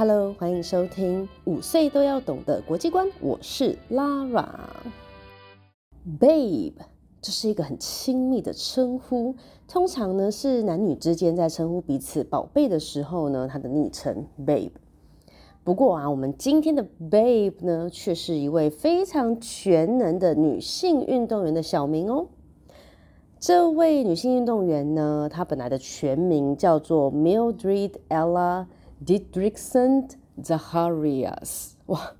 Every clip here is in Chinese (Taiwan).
Hello，歡迎收聽《五歲都要懂的國際觀》，我是 Lara。Babe，這是一個很親密的稱呼，通常呢是男女之間在稱呼彼此“寶貝”的時候呢，它的昵稱 Babe。不過啊，我們今天的 Babe 呢，卻是一位非常全能的女性運動員的小名哦。這位女性運動員呢，她本來的全名叫做 Mildred Ella。Didrikson Zaharias，哇，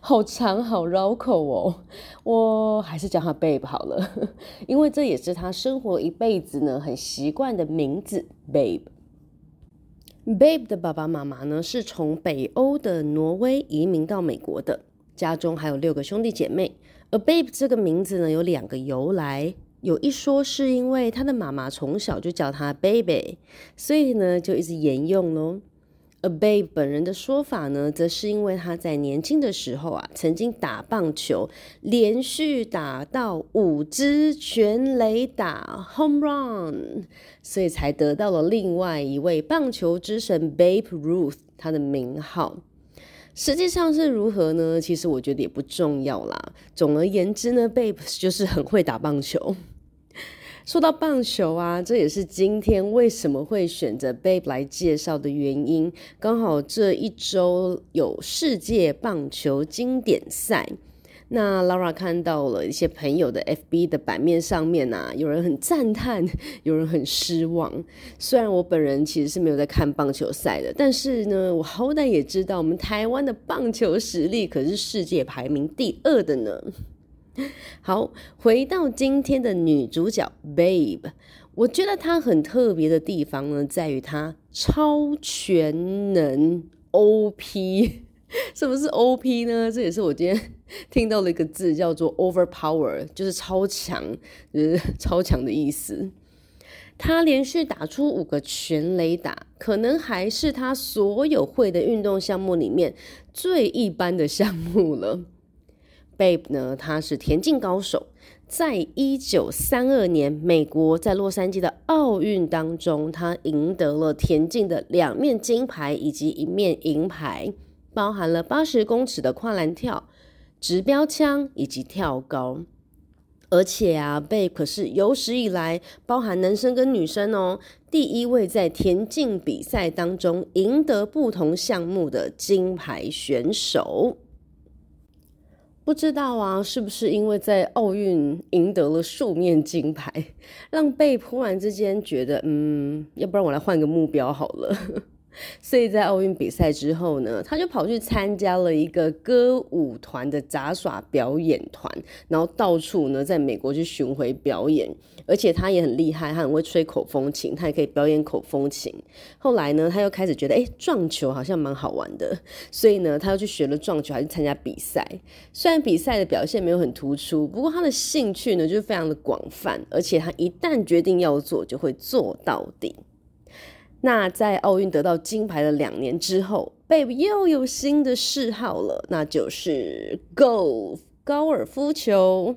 好長好繞口哦！我還是叫他 Babe 好了， 因為這也是他生活一輩子呢很習慣的名字。Babe，Babe Babe 的爸爸媽媽呢是從北歐的挪威移民到美國的，家中還有六個兄弟姐妹。而 Babe 這個名字呢有兩個由來，有一說是因為他的媽媽從小就叫他 Babe，所以呢就一直沿用嘍。而 Babe 本人的說法呢，則是因為他在年輕的時候啊，曾經打棒球，連續打到五支全壘打 （home run），所以才得到了另外一位棒球之神 Babe Ruth 他的名號。實際上是如何呢？其實我覺得也不重要啦。總而言之呢，Babe 就是很會打棒球。說到棒球啊，這也是今天為什麼會選擇 Babe 來介紹的原因。剛好這一周有世界棒球經典賽，那 Laura 看到了一些朋友的 FB 的版面上面啊，有人很讚嘆，有人很失望。雖然我本人其實是沒有在看棒球賽的，但是呢，我好歹也知道我們台灣的棒球實力可是世界排名第二的呢。好，回到今天的女主角 Babe，我覺得她很特別的地方呢，在於她超全能 OP，什麼是 OP 呢？這也是我今天聽到了一個字，叫做 overpower，就是超強，就是超強的意思。她連續打出五個全壘打，可能還是她所有會的運動項目裡面最一般的項目了。Babe 呢，她是田徑高手，在一九三二年美國在洛杉磯的奧運當中，她贏得了田徑的兩面金牌以及一面銀牌，包含了八十公尺的跨欄跳、擲標槍以及跳高。而且啊，Babe 可是有史以來包含男生跟女生哦，第一位在田徑比賽當中贏得不同項目的金牌選手。不知道啊，是不是因為在奧運贏得了數面金牌，讓貝突然之間覺得，嗯，要不然我來換個目標好了。所以在奧運比賽之後呢，他就跑去參加了一個歌舞團的雜耍表演團，然後到處呢在美國去巡迴表演。而且他也很厲害，他很會吹口風琴，他也可以表演口風琴。後來呢，他又開始覺得，哎、欸，撞球好像蠻好玩的，所以呢，他又去學了撞球，還去參加比賽。雖然比賽的表現沒有很突出，不過他的興趣呢就是非常的廣泛，而且他一旦決定要做，就會做到底。那在奧運得到金牌的兩年之後，Babe 又有新的嗜好了，那就是 Golf 高爾夫球。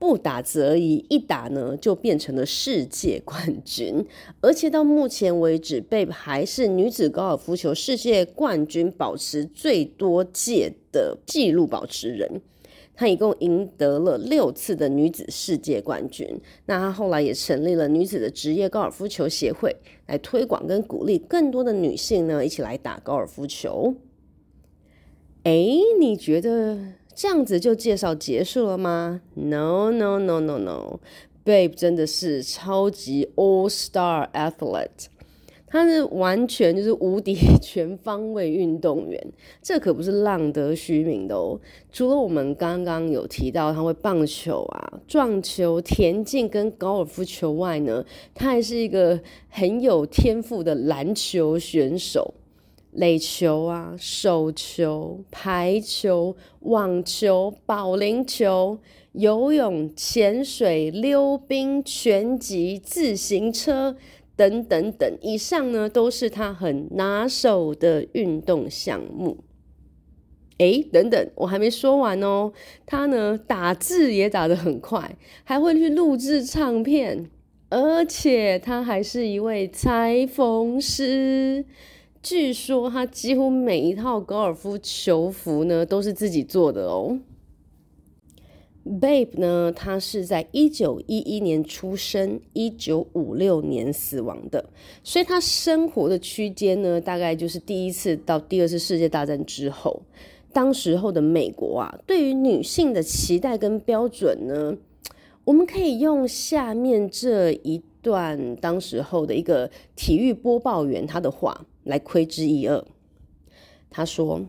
不打則已，一打呢就變成了世界冠軍，而且到目前為止，Babe 還是女子高爾夫球世界冠軍保持最多屆的紀錄保持人。她一共贏得了六次的女子世界冠軍。那她後來也成立了女子的職業高爾夫球協會，來推廣跟鼓勵更多的女性呢，一起來打高爾夫球。哎，你覺得這樣子就介紹結束了嗎？No no no no no，Babe no. 真的是超級 All Star Athlete。他是完全就是無敵全方位運動員，這可不是浪得虛名的哦、喔。除了我們剛剛有提到他會棒球啊、撞球、田徑跟高爾夫球外呢，他還是一個很有天賦的籃球選手、壘球啊、手球、排球、網球、保齡球、游泳、潛水、溜冰、拳擊、自行車。等等等，以上呢都是他很拿手的運動項目。哎，等等，我還沒說完哦，他呢打字也打得很快，還會去錄製唱片，而且他還是一位裁縫師。據說他幾乎每一套高爾夫球服呢都是自己做的哦。Babe 呢，他是在一九一一年出生，一九五六年死亡的，所以他生活的區間呢，大概就是第一次到第二次世界大戰之後。當時候的美國啊，對於女性的期待跟標準呢，我們可以用下面這一段當時候的一個體育播報員他的話來窺知一二。他說。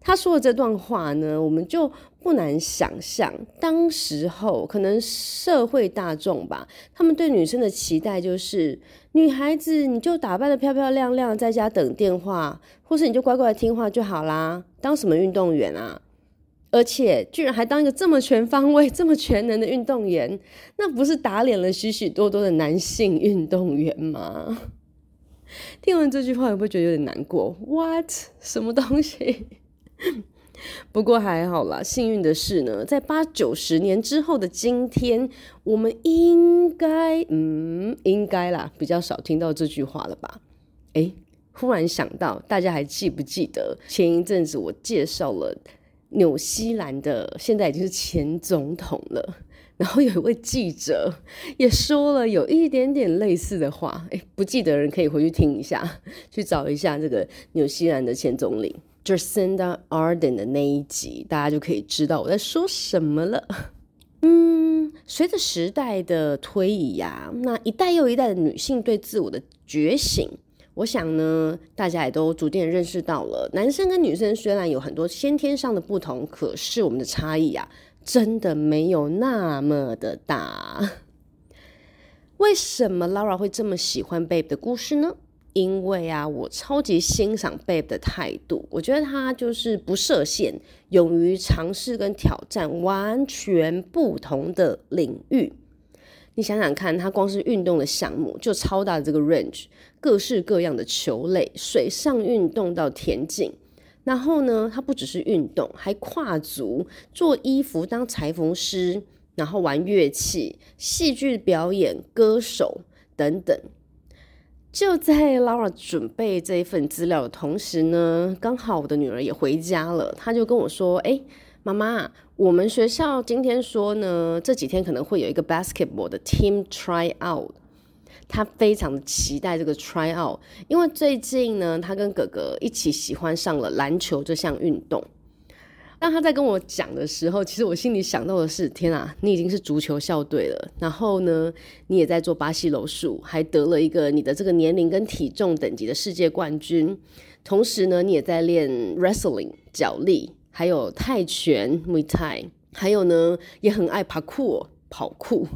他說的這段話呢，我們就不難想象，當時候可能社會大眾吧，他們對女生的期待就是，女孩子你就打扮得漂漂亮亮，在家等電話，或是你就乖乖聽話就好啦，當什麼運動員啊？而且居然還當一個這麼全方位、這麼全能的運動員，那不是打臉了許許多多的男性運動員嗎？聽完這句話，你會不會覺得有點難過？What？什麼東西？ 不過還好啦，幸運的是呢，在八九十年之後的今天，我們應該嗯，應該啦，比較少聽到這句話了吧？誒，忽然想到，大家還記不記得前一陣子我介紹了紐西蘭的，現在已經是前總統了，然後有一位記者也說了有一點點類似的話，誒，不記得人可以回去聽一下，去找一下這個紐西蘭的前總理。就是 Jacinda Ardern 的那一集，大家就可以知道我在說什麼了。嗯，隨着時代的推移呀、啊，那一代又一代的女性對自我的覺醒，我想呢，大家也都逐漸認識到了，男生跟女生雖然有很多先天上的不同，可是我們的差異啊，真的沒有那麼的大。為什麼 Lara 會這麼喜歡 Babe 的故事呢？因為啊，我超級欣賞 Babe 的態度。我覺得他就是不設限，勇於嘗試跟挑戰完全不同的領域。你想想看，他光是運動的項目就超大的這個 range 各式各樣的球類、水上運動到田徑，然後呢，他不只是運動，還跨足做衣服當裁縫師，然後玩樂器、戲劇表演、歌手等等。就在 Lara 準備這一份資料的同時呢，剛好我的女兒也回家了，她就跟我說：“哎、欸，媽媽，我們學校今天說呢，這幾天可能會有一個 basketball 的 team try out。”她非常期待這個 try out，因為最近呢，她跟哥哥一起喜歡上了籃球這項運動。當他在跟我講的時候，其實我心裡想到的是：天啊，你已經是足球校隊了，然後呢，你也在做巴西柔術，還得了一個你的這個年齡跟體重等級的世界冠軍。同時呢，你也在練 wrestling 角力，還有泰拳 Muay Thai 還有呢，也很愛跑酷。跑酷。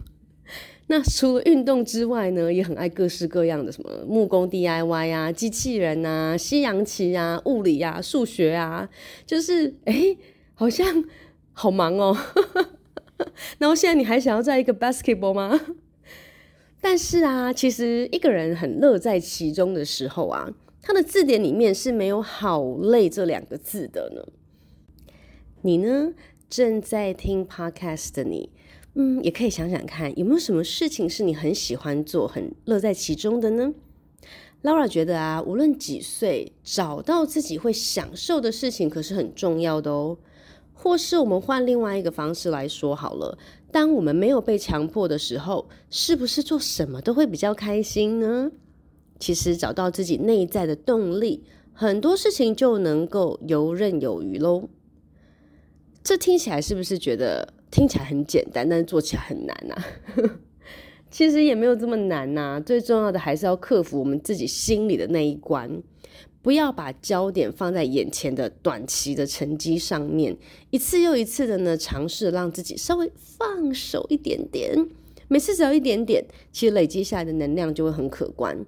那除了運動之外呢，也很愛各式各樣的什麼木工 DIY 啊、機器人啊、西洋棋啊、物理啊、數學啊，就是哎。誒好像好忙哦， 然後現在你還想要在一個 basketball 嗎？ 但是啊，其實一個人很樂在其中的時候啊，他的字典裡面是沒有“好累”這兩個字的呢。你呢，正在聽 podcast 的你，嗯，也可以想想看，有沒有什麼事情是你很喜歡做、很樂在其中的呢？Lara 覺得啊，無論幾歲，找到自己會享受的事情，可是很重要的哦。或是我們換另外一個方式來說好了，當我們沒有被強迫的時候，是不是做什麼都會比較開心呢？其實找到自己內在的動力，很多事情就能夠游刃有餘嘍。這聽起來是不是覺得聽起來很簡單，但是做起來很難啊？ 其實也沒有這麼難吶、啊，最重要的還是要克服我們自己心裡的那一關。不要把焦點放在眼前的短期的成績上面，一次又一次的呢，嘗試讓自己稍微放手一點點，每次只要一點點，其實累積下來的能量就會很可觀。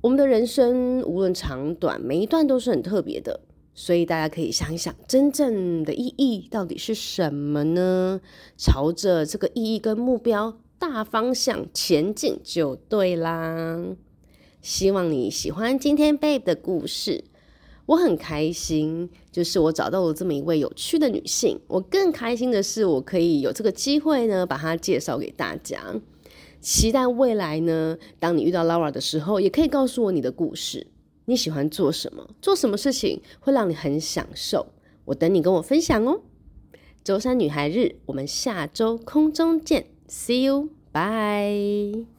我們的人生無論長短，每一段都是很特別的，所以大家可以想一想，真正的意義到底是什麼呢？朝着這個意義跟目標大方向前進就對啦。希望你喜歡今天 Babe 的故事，我很開心，就是我找到了這麼一位有趣的女性。我更開心的是，我可以有這個機會呢，把她介紹給大家。期待未來呢，當你遇到 Lara 的時候，也可以告訴我你的故事。你喜歡做什麼？做什麼事情會讓你很享受？我等你跟我分享哦。周三女孩日，我們下周空中見，See you，bye。